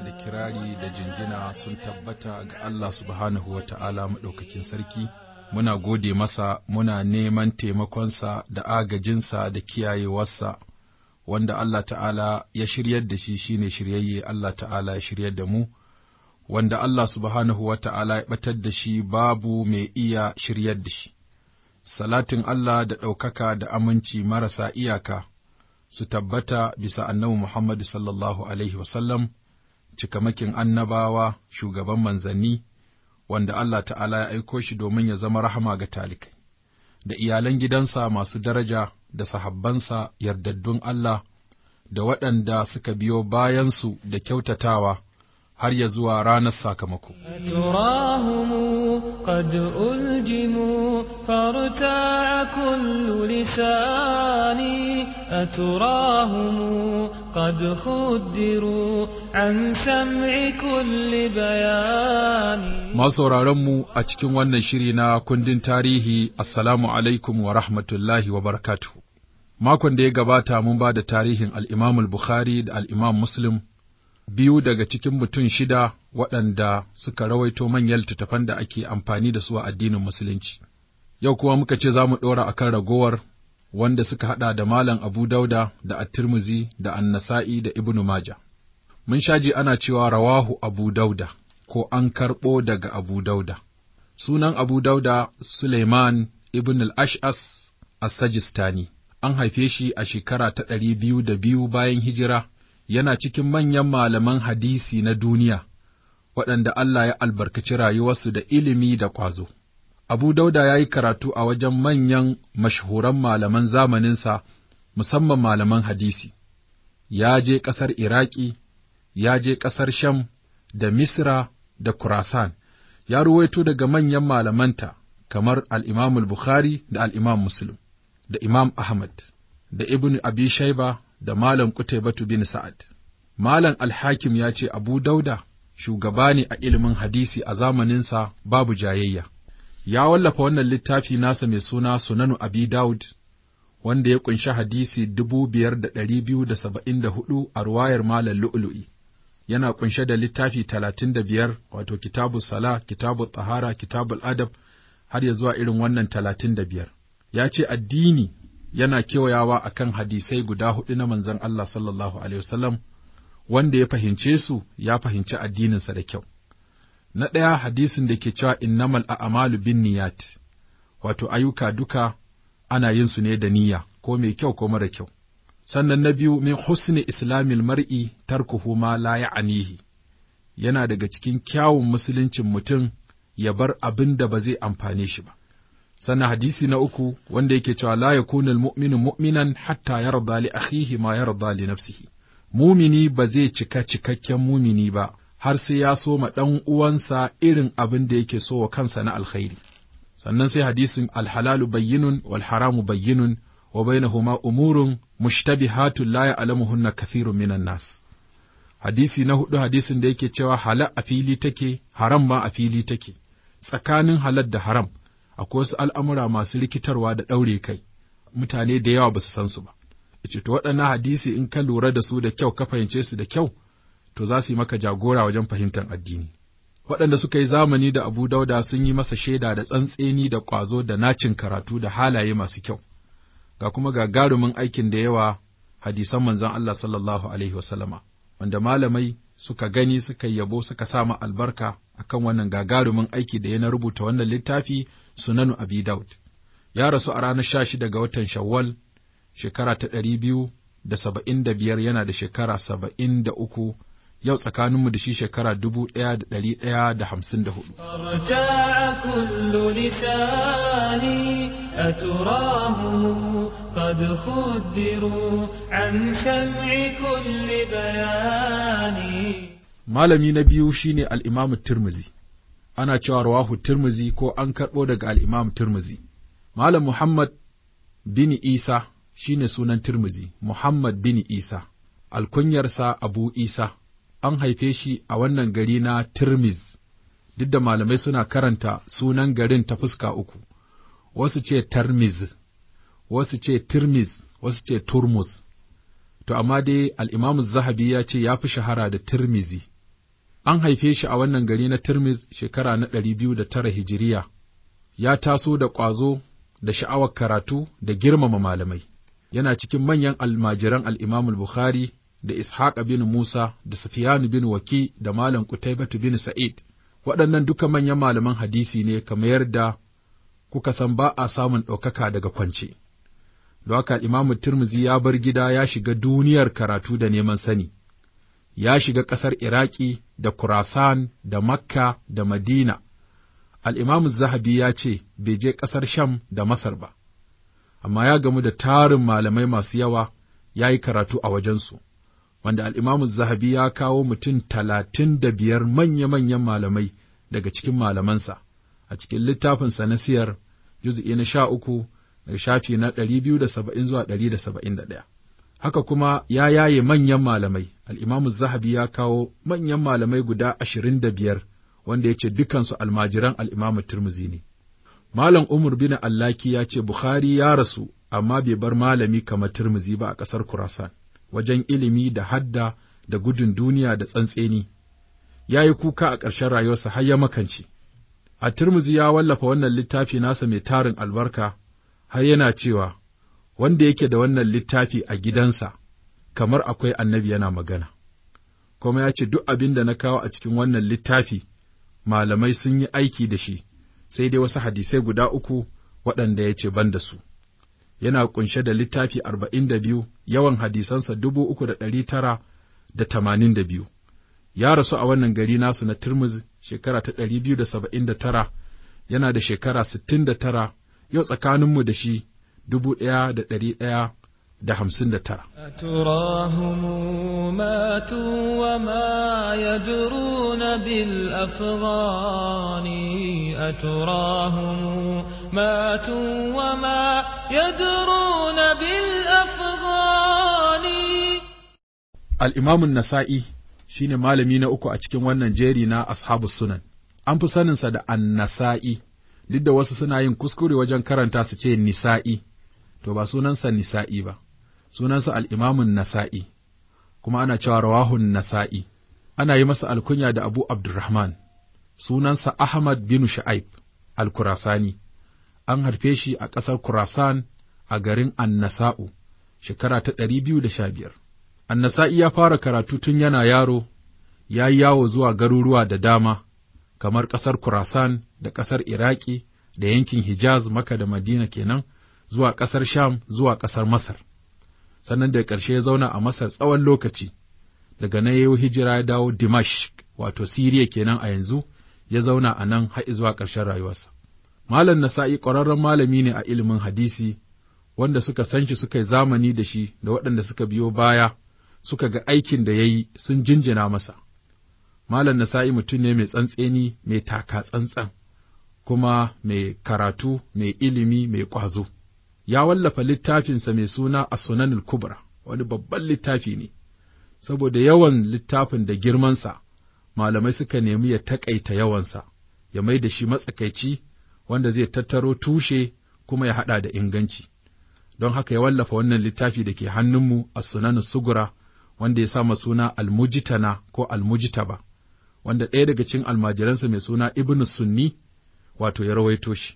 godiya da kirari da jingina sun tabbata ga Allah subhanahu wa ta'ala maɗaukakin sarki, muna gode masa, muna neman taimakonsa da agajinsa da kiyayewarsa, wanda Allah ta'ala ya shiryar da shi shine shiryayye Allah ta'ala ya shiryar da mu, wanda Allah subhanahu wa ta'ala ya batar da shi babu mai iya shiryar da shi. Salatin Allah da ɗaukaka da aminci marasa iyaka. su tabbata bisa annabi muhammad sallallahu Alaihi wasallam cikamakin annabawa, shugaban manzanni, wanda Allah ta'ala ya aiko shi domin ya zama rahama ga talikai, da iyalan gidansa masu daraja da sahabbansa yardaddun Allah, da waɗanda suka biyo bayansu da kyautatawa har ya zuwa ranar sakamako. قد ألجموا فارتاع كل لساني أتراهم قد خدروا an sam'i kulli bayani. mu a cikin wannan shiri na kundin tarihi, Assalamu alaikum wa rahmatullahi wa barakatuhu. Makon da ya gabata mun ba da tarihin al'imamul Bukhari da al'imam Muslim, biyu daga cikin mutum shida waɗanda suka rawaito manyan littattafan da ake amfani da su a addinin Musulunci. Yau kuma muka ce za mu ɗora a kan ragowar wanda suka haɗa da Malam Abu Dauda da At-Tirmizi da Annasa'i da Ibn Majah. Mun sha je ana cewa rawahu Abu Dauda ko an karɓo daga Abu Dauda. Sunan Abu Dauda Suleiman ibn al-Ash'as as-Sajistani. An haife shi a shekara ta ɗari biyu da biyu bayan hijira, yana cikin manyan malaman hadisi na duniya, waɗanda Allah ya albarkaci rayuwarsu da ilimi da ƙwazo. Abu Dauda ya yi karatu a wajen manyan mashahuran malaman zamaninsa, musamman malaman hadisi. Ya je ƙasar Iraki, ya je ƙasar Sham da Misra da Kurasan, ya ruwaito daga manyan malamanta kamar al'imam Bukhari da al'imam Muslim, da Imam Ahmad, da Ibn Abi Shaiba da Malam Kutaibatu bin Sa'ad. Malam Alhakim ya ce Abu Dauda shugaba ne a ilimin hadisi a zamaninsa babu jayayya. Ya wallafa wannan littafi nasa mai suna Sunanu Abi Dawud wanda ya ƙunshi hadisi dubu biyar da ɗari biyu da saba'in da hudu a ruwayar Malam Lu'lu'i. yana kunshe da littafi talatin da biyar wato kitabu sala, kitabu tsahara, kitabu adab har ya zuwa irin wannan talatin da biyar. Ya ce addini yana kewayawa kan hadisai guda huɗu na manzon Allah sallallahu alaihi wasallam wanda ya fahimce su ya fahimci addininsa da kyau. Na ɗaya hadisin da ke cewa innamal a'malu bin niyat, wato ayyuka duka ana yin su ne da niyya, ko mai kyau ko mara kyau. sannan na biyu min husni islamil mar'i tarkuhu ma la ya'anihi yana daga cikin kyawun musuluncin mutum ya bar abin da ba zai amfane shi ba sannan hadisi na uku wanda yake cewa la yakunul mu'minu mu'minan hatta yarda li akhihi ma yarda li nafsihi mumini ba zai cika cikakken mumini ba har sai ya so ma ɗan uwansa irin abin da yake so wa kansa na alkhairi sannan sai hadisin alhalalu bayyinun wal haramu bayyinun wa bainahuma umurun mushtabihatun la ya'lamuhunna kathirun minan nas hadisi na hudu hadisin da yake cewa halal a fili take haram ma a fili take tsakanin halal da haram akwai wasu al'amura masu rikitarwa da ɗaure kai mutane da yawa ba su san su ba ce to waɗannan hadisi in ka lura da su da kyau ka fahimce su da kyau to za su yi maka jagora wajen fahimtar addini waɗanda suka yi zamani da Abu Dauda sun yi masa shaida da tsantseni da ƙwazo da nacin karatu da halaye masu kyau. ga kuma gagarumin aikin da yawa hadisan manzon Allah sallallahu Alaihi wasallama, wanda malamai suka gani suka yabo suka sa sama albarka akan wannan gagarumin aiki da ya na rubuta wannan littafi sunanu Abi Daud. Ya rasu a ranar sha shida ga watan Shawwal, shekara ta ɗari biyu da saba'in da biyar yana da shekara saba'in da uku yau tsakaninmu da shi shekara dubu ɗaya da ɗari ɗaya da hamsin da hudu. Malami na biyu shine al'imamu Tirmizi, ana cewa rawahu Tirmizi ko an karɓo daga al'imamu Tirmizi. Malam Muhammad bin Isa shine sunan Tirmizi, Muhammad bin Isa, alkunyarsa Abu Isa. an haife shi a wannan gari na Tirmiz, duk da malamai suna karanta sunan garin ta fuska uku, wasu ce Tirmiz, wasu ce Tirmiz, wasu ce Turmus. To, amma dai al'imamu Zahabi ya ce ya fi shahara da Tirmizi. An haife shi a wannan gari na Tirmiz shekara na ɗari biyu da tara Hijiriya, ya taso da ƙwazo da sha'awar karatu da girmama malamai. Yana cikin manyan almajiran al'imamul Bukhari da Ishaqa bin Musa da Sufyan bin Waki da Malam kutaibatu bin Sa'id waɗannan duka manyan malaman hadisi ne kamar yadda kuka san ba a samun ɗaukaka daga kwance. Don haka Imamu Tirmizi ya bar gida ya shiga duniyar karatu da neman sani, ya shiga ƙasar Iraki da Kurasan da Makka da Madina. Al'imamu Zahabi ya ce bai je ƙasar Sham da Masar ba, amma ya gamu da tarin malamai masu yawa ya yi karatu a wajensu. wanda al'imamu zahabi ya kawo mutum talatin da biyar manya-manyan malamai daga cikin malamansa a cikin littafinsa na siyar juzi'i na sha uku da shafi na ɗari biyu da saba'in zuwa ɗari da saba'in da ɗaya. Haka kuma ya yaye manyan malamai, al'imamu zahabi ya kawo manyan malamai guda ashirin da biyar wanda ya ce dukansu almajiran al'imamu turmuzi ne. Malam Umar bin Allaki ya ce Bukhari ya rasu amma bai bar malami kamar turmuzi ba a ƙasar Kurasan. wajen ilimi da hadda da gudun duniya da tsantseni. Ya yi kuka a ƙarshen rayuwarsa har ya makance. A Turmuzi ya wallafa wannan littafi nasa mai tarin albarka, har yana cewa, Wanda yake da wannan littafi a gidansa, kamar akwai annabi yana magana. Kuma ya ce, Duk abin da na kawo a cikin wannan littafi, malamai sun yi aiki da shi, sai dai wasu hadisai guda uku waɗanda ya ce ban da su. yana ƙunshe da littafi arba'in da biyu, yawan hadisansa dubu uku da ɗari tara da tamanin da biyu. Ya rasu a wannan gari nasu na Turmuz shekara ta ɗari biyu da saba'in da tara, yana da shekara sittin da tara, yau tsakaninmu da shi dubu ɗaya da ɗari ɗaya da hamsin da tara. matu wa ma يدرون بالأفغان الإمام النسائي shine malami na uku a cikin wannan jeri na ashabu sunan an fi saninsa da annasa'i duk da wasu suna yin kuskure wajen karanta su ce nisa'i to ba sunansa nisa'i ba sunansa al'imamun nasa'i kuma ana cewa rawahun nasa'i ana yi masa alkunya da abu abdurrahman sunansa ahmad bin shu'aib al-kurasani an harfe shi a ƙasar Kurasan a garin Annasa'u, shekara ta ɗari biyu da sha biyar. Annasa'i ya fara karatu tun yana yaro, ya yi yawo zuwa garuruwa da dama, kamar ƙasar Kurasan da ƙasar Iraki da yankin Hijaz maka da Madina kenan, zuwa ƙasar Sham zuwa ƙasar Masar. Sannan da ƙarshe ya zauna a Masar tsawon lokaci, daga na ya yi hijira ya dawo Dimash wato Siriya kenan a yanzu, ya zauna a nan har zuwa ƙarshen rayuwarsa. Malam Nasa'i ƙwararren malami ne a ilimin hadisi, wanda suka san shi suka yi zamani da shi da waɗanda suka biyo baya suka ga aikin da ya yi sun jinjina masa. Malam Nasa'i mutum ne mai tsantseni, mai taka tsantsan, kuma mai karatu, mai ilimi, mai ƙwazo. Ya wallafa littafinsa mai suna a sunanul kubra, wani babban littafi ne, saboda yawan littafin da girmansa, malamai suka nemi ya taƙaita yawansa, ya mai da shi matsakaici wanda zai tattaro tushe kuma ya haɗa da inganci. Don haka ya wallafa wannan littafi da ke hannunmu a sunan sugura wanda ya sama suna almujitana ko almujitaba, wanda ɗaya daga cikin almajiransa mai suna Ibn Sunni wato ya rawaito shi.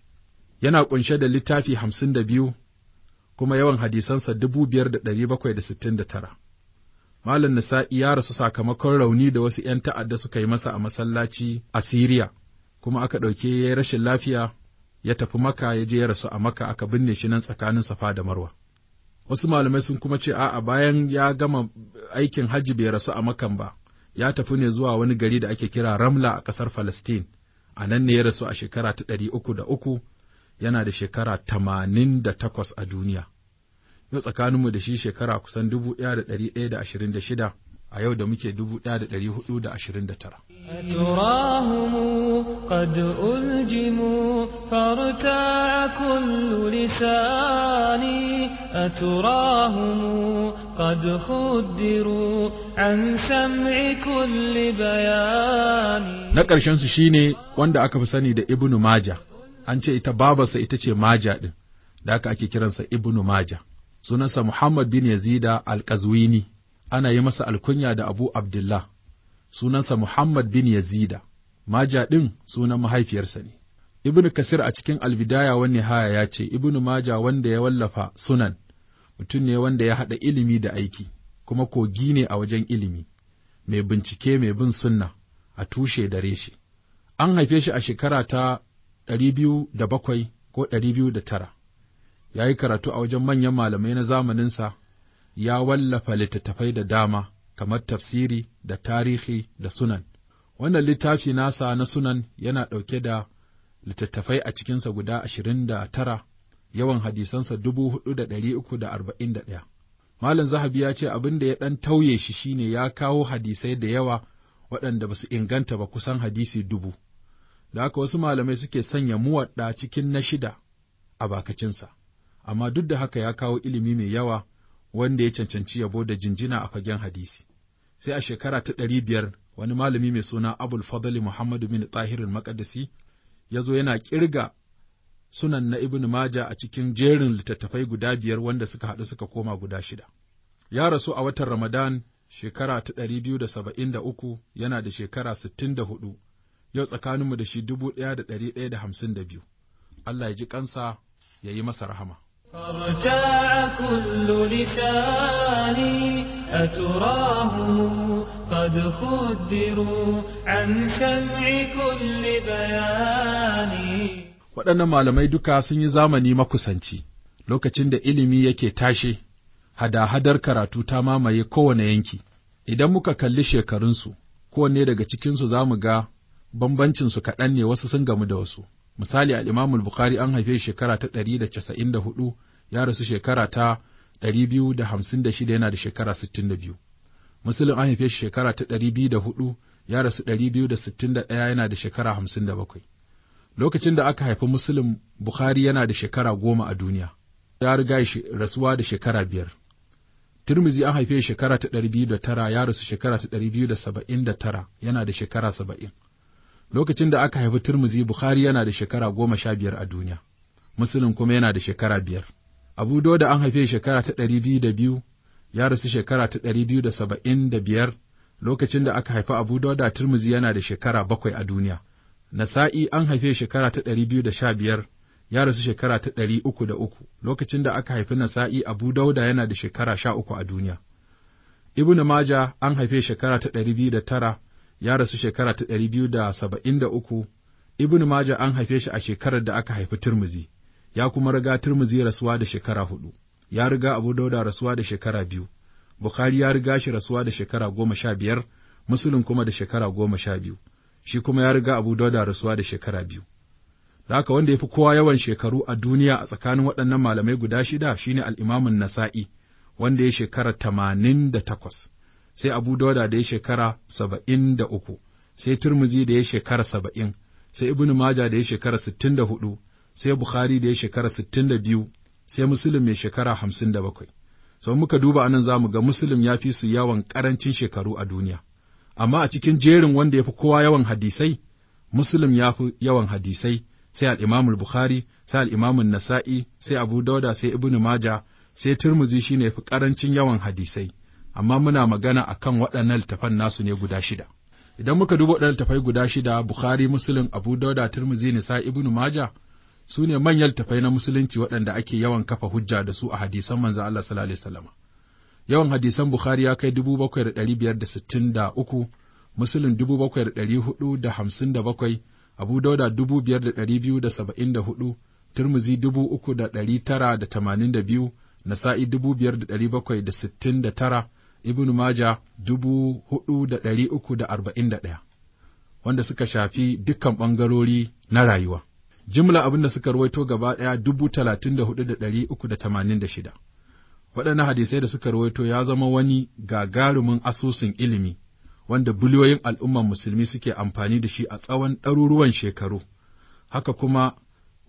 Yana ƙunshe da littafi hamsin da biyu kuma yawan hadisansa dubu biyar da ɗari bakwai da sittin da tara. Malam Nisa'i ya rasu sakamakon rauni da wasu ‘yan ta'adda suka yi masa a masallaci a Siriya, kuma aka ɗauke ya yi rashin lafiya ya tafi maka ya je ya rasu a maka aka binne shi nan tsakanin safa da marwa wasu malamai sun kuma ce a'a bayan ya gama aikin hajji bai rasu a makan ba ya tafi ne zuwa wani gari da ake kira ramla a ƙasar Falastin, a nan ne ya rasu a shekara ta ɗari uku da uku yana da shekara tamanin da takwas a duniya yau tsakaninmu da shi shekara kusan dubu ɗaya da ɗari ɗaya da ashirin da shida a yau da muke 1429 turahumu qad uljimu farta'a kullu lisani aturahumu qad na ƙarshen su shine wanda aka fi sani da ibnu maja an ce ita babarsa ita ce maja ɗin da aka ake kiransa ibnu maja sunansa muhammad bin yazida al-qazwini ana yi masa alkunya da Abu Abdullah, sunansa Muhammad bin Yazida, maja ɗin sunan mahaifiyarsa ne. Ibn Kasir a cikin albidaya wani haya ya ce, Ibn Maja wanda ya wallafa sunan, mutum ne wanda ya haɗa ilimi da aiki, kuma kogi ne a wajen ilimi, mai bincike mai bin sunna a tushe da reshe. An haife shi a shekara ta ɗari biyu da bakwai ko ɗari biyu da tara. ya yi karatu a wajen manyan malamai na zamaninsa ya wallafa littattafai da dama kamar tafsiri da tarihi da sunan. Wannan littafi nasa na sunan yana ɗauke da littattafai a cikinsa guda ashirin da tara, yawan hadisansa dubu hudu da ɗari uku da arba'in da ɗaya. Malam Zahabi ya ce abin da ya ɗan tauye shi shine ya kawo hadisai da yawa waɗanda ba su inganta ba kusan hadisi dubu. Da haka wasu malamai suke sanya muwaɗa cikin na shida a bakacinsa, amma duk da haka ya kawo ilimi mai yawa wanda ya cancanci yabo da jinjina a fagen hadisi. Sai a shekara ta ɗari biyar wani malami mai suna Abul Fadli Muhammadu bin Tahirin makadasi ya zo yana ƙirga sunan na Ibn Maja a cikin jerin littattafai guda biyar wanda suka haɗu suka koma guda shida. Ya rasu a watan Ramadan shekara ta ɗari biyu da saba'in da uku yana da shekara sittin da hudu, yau tsakaninmu da shi dubu ɗaya da ɗari ɗaya da hamsin da biyu. Allah ya ji kansa ya yi masa rahama. فارتاع كل لساني أتراهم قد خدروا عن سمع كل بياني waɗannan malamai duka sun yi zamani makusanci lokacin da ilimi yake tashe hada-hadar karatu ta mamaye kowane yanki idan muka kalli shekarunsu kowanne daga cikinsu za mu ga bambancinsu kaɗan ne wasu sun gamu da wasu misali al'imamul bukhari an haife shekara ta ɗari da casa'in da hudu ya rasu shekara ta 256 yana da shekara 62. Musulun an haife shi shekara ta 204 ya rasu 261 yana da shekara 57. Lokacin da aka haifi Musulun Bukhari yana da shekara goma a duniya, ya riga rasuwa da shekara biyar. Turmizi an haife shekara ta ɗari biyu da tara ya rasu shekara ta ɗari biyu da saba'in da tara yana da shekara saba'in. Lokacin da aka haifi Turmizi Bukhari yana da shekara goma sha biyar a duniya, Musulun kuma yana da shekara biyar. Abu Doda an haife shekara ta ɗari biyu da biyu, ya rasu shekara ta ɗari biyu da saba'in da biyar, lokacin da aka haifi Abu Doda Turmuzi yana da shekara bakwai a duniya. Nasa'i an haife shekara ta ɗari biyu da sha biyar, ya rasu shekara ta ɗari uku da uku, lokacin da aka haifi Nasa'i Abu Dauda yana da shekara sha uku a duniya. Ibn Maja an haife shekara ta ɗari biyu da tara, ya rasu shekara ta ɗari biyu da saba'in da uku, Ibn Maja an haife shi a shekarar da aka haifi Turmuzi. ya kuma riga Turmuzi rasuwa da shekara hudu, ya riga Abu Dauda rasuwa da shekara biyu, Bukhari ya riga shi rasuwa da shekara goma sha biyar, Musulun kuma da shekara goma sha biyu, shi kuma ya riga Abu Dauda rasuwa da shekara biyu. Da wanda ya fi kowa yawan shekaru a duniya a tsakanin waɗannan malamai guda shida shi ne al'imamun Nasa'i, wanda ya shekara tamanin da takwas, sai Abu Dauda da ya shekara saba'in da uku, sai Turmuzi da ya shekara saba'in, sai Ibn Maja da ya shekara sittin da hudu, sai Bukhari da ya shekara sittin da biyu, sai Musulun mai shekara hamsin da bakwai. Sau muka duba anan za mu ga Musulun ya fi su yawan ƙarancin shekaru a duniya, amma a cikin jerin wanda ya fi kowa yawan hadisai, Musulun ya fi yawan hadisai, sai al'imamul Bukhari, sai al’imamul Nasa'i, sai Abu Dauda, sai Ibn Maja, sai Turmuzi shi ne fi ƙarancin yawan hadisai, amma muna magana a kan waɗannan littafan nasu ne guda shida. Idan muka duba waɗannan littafai guda shida, Bukhari, Musulun, Abu Dauda, Turmuzi, Nisa, Ibn Maja, su ne manyan tafai na musulunci waɗanda ake yawan kafa hujja da su a hadisan manzan Allah sallallahu alaihi wasallam. Yawan hadisan Bukhari ya kai dubu bakwai da biyar da sittin da uku, Musulun dubu da hudu da hamsin da bakwai, Abu Dauda dubu biyar da biyu da saba'in da hudu, Turmuzi dubu uku da tara da tamanin da biyu, Nasa'i dubu biyar da bakwai da sittin da tara, Ibn Maja dubu hudu da ɗari uku da arba'in da ɗaya, wanda suka shafi dukkan ɓangarori na rayuwa. Jimla abin da suka ruwaito gaba ɗaya dubu talatin da hudu da ɗari uku da tamanin da shida. Waɗannan hadisai da suka ruwaito ya zama wani gagarumin asusun ilimi, wanda biliyoyin al'umman musulmi suke amfani da shi a tsawon ɗaruruwan shekaru. Haka kuma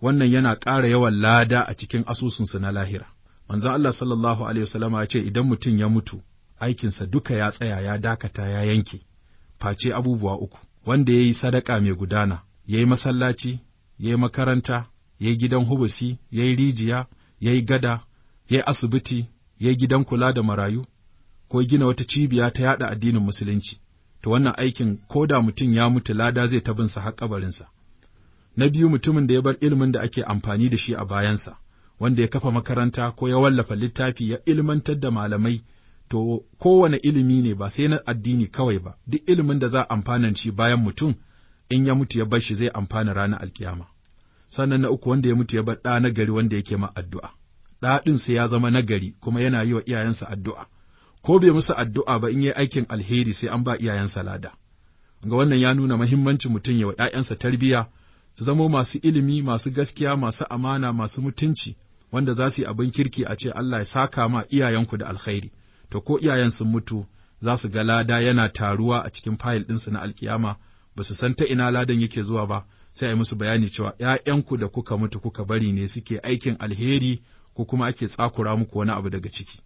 wannan yana ƙara yawan lada a cikin asusunsu na lahira. Manzon Allah sallallahu alaihi ya ce idan mutum ya mutu, aikinsa duka ya tsaya ya dakata ya yanke, face abubuwa uku, wanda ya yi sadaka mai gudana, ya yi masallaci, ya makaranta, ya gidan hubusi, ya yi rijiya, ya yi gada, ya asibiti, ya gidan kula da marayu, ko gina wata cibiya ta yada addinin musulunci, to wannan aikin ko da mutum ya mutu lada zai ta binsa har kabarinsa. Na biyu mutumin da ya bar ilimin da ake amfani da shi a bayansa, wanda ya kafa makaranta ko ya wallafa littafi ya ilmantar da malamai, to kowane ilimi ne ba sai na addini kawai ba, duk ilimin da za a amfanan shi bayan mutum in ya mutu ya bar shi zai amfana ranar alkiyama. Sannan na uku wanda ya mutu ya bar ɗa na gari wanda yake ma addu'a. Ɗa ɗin sai ya zama na gari kuma yana yi wa iyayensa addu'a. Ko bai musu addu'a ba in yi aikin alheri sai an ba iyayensa lada. Ga wannan ya nuna muhimmancin mutum ya wa ‘ya'yansa tarbiyya, su zamo masu ilimi, masu gaskiya, masu amana, masu mutunci, wanda za su yi abin kirki a ce Allah ya saka ma iyayenku da alkhairi. To ko iyayen sun mutu za su ga lada yana taruwa a cikin fayil ɗinsu na alkiyama ba su san ta ina ladan yake zuwa ba sai a yi musu bayani cewa ‘ya'yanku da kuka mutu kuka bari ne suke aikin alheri ko kuma ake tsakura muku wani abu daga ciki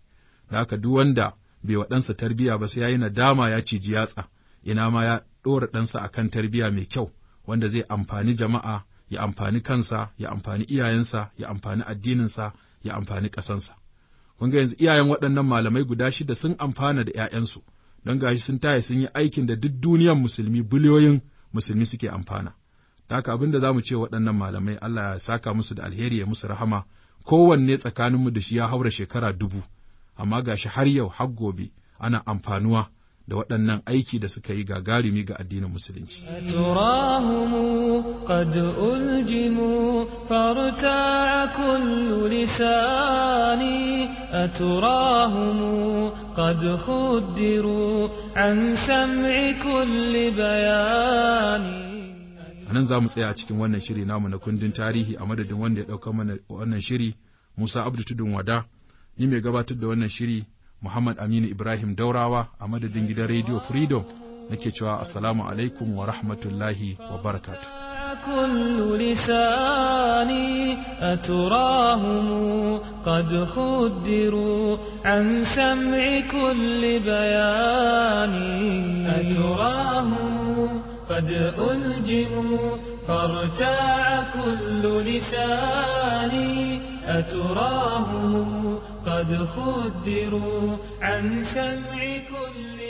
da haka duk wanda bai wa ɗansa tarbiya ba sai ya yi nadama ya ciji yatsa ina ma ya ɗora ɗansa akan tarbiya mai kyau wanda zai amfani jama'a ya amfani kansa ya amfani iyayensa ya amfani addininsa ya amfani ƙasansa kun ga yanzu iyayen waɗannan malamai guda shida sun amfana da ‘ya'yansu don gashi sun taya sun yi aikin da duk duniyar musulmi biliyoyin musulmi suke amfana. Da haka abin da za mu ce waɗannan malamai Allah ya saka musu da alheri ya musu rahama, kowanne tsakaninmu da shi ya haura shekara dubu, amma gashi har yau har gobe ana amfanuwa da waɗannan aiki da suka yi gagarumi ga addinin musulunci. قد A turahumu خدروا عن سمع كل anan za mu tsaya a cikin wannan shiri namu na kundin tarihi a madadin wanda ya ɗauka mana wannan shiri Musa Abdu Tudun Wada, ni mai gabatar da wannan shiri Muhammad Aminu Ibrahim Daurawa a madadin gidan Radio Freedom nake cewa assalamu alaikum wa rahmatullahi wa barakatuh كل لساني أتراهم قد خدروا عن سمع كل بيان أتراهم قد ألجموا فارتاع كل لساني أتراهم قد خدروا عن سمع كل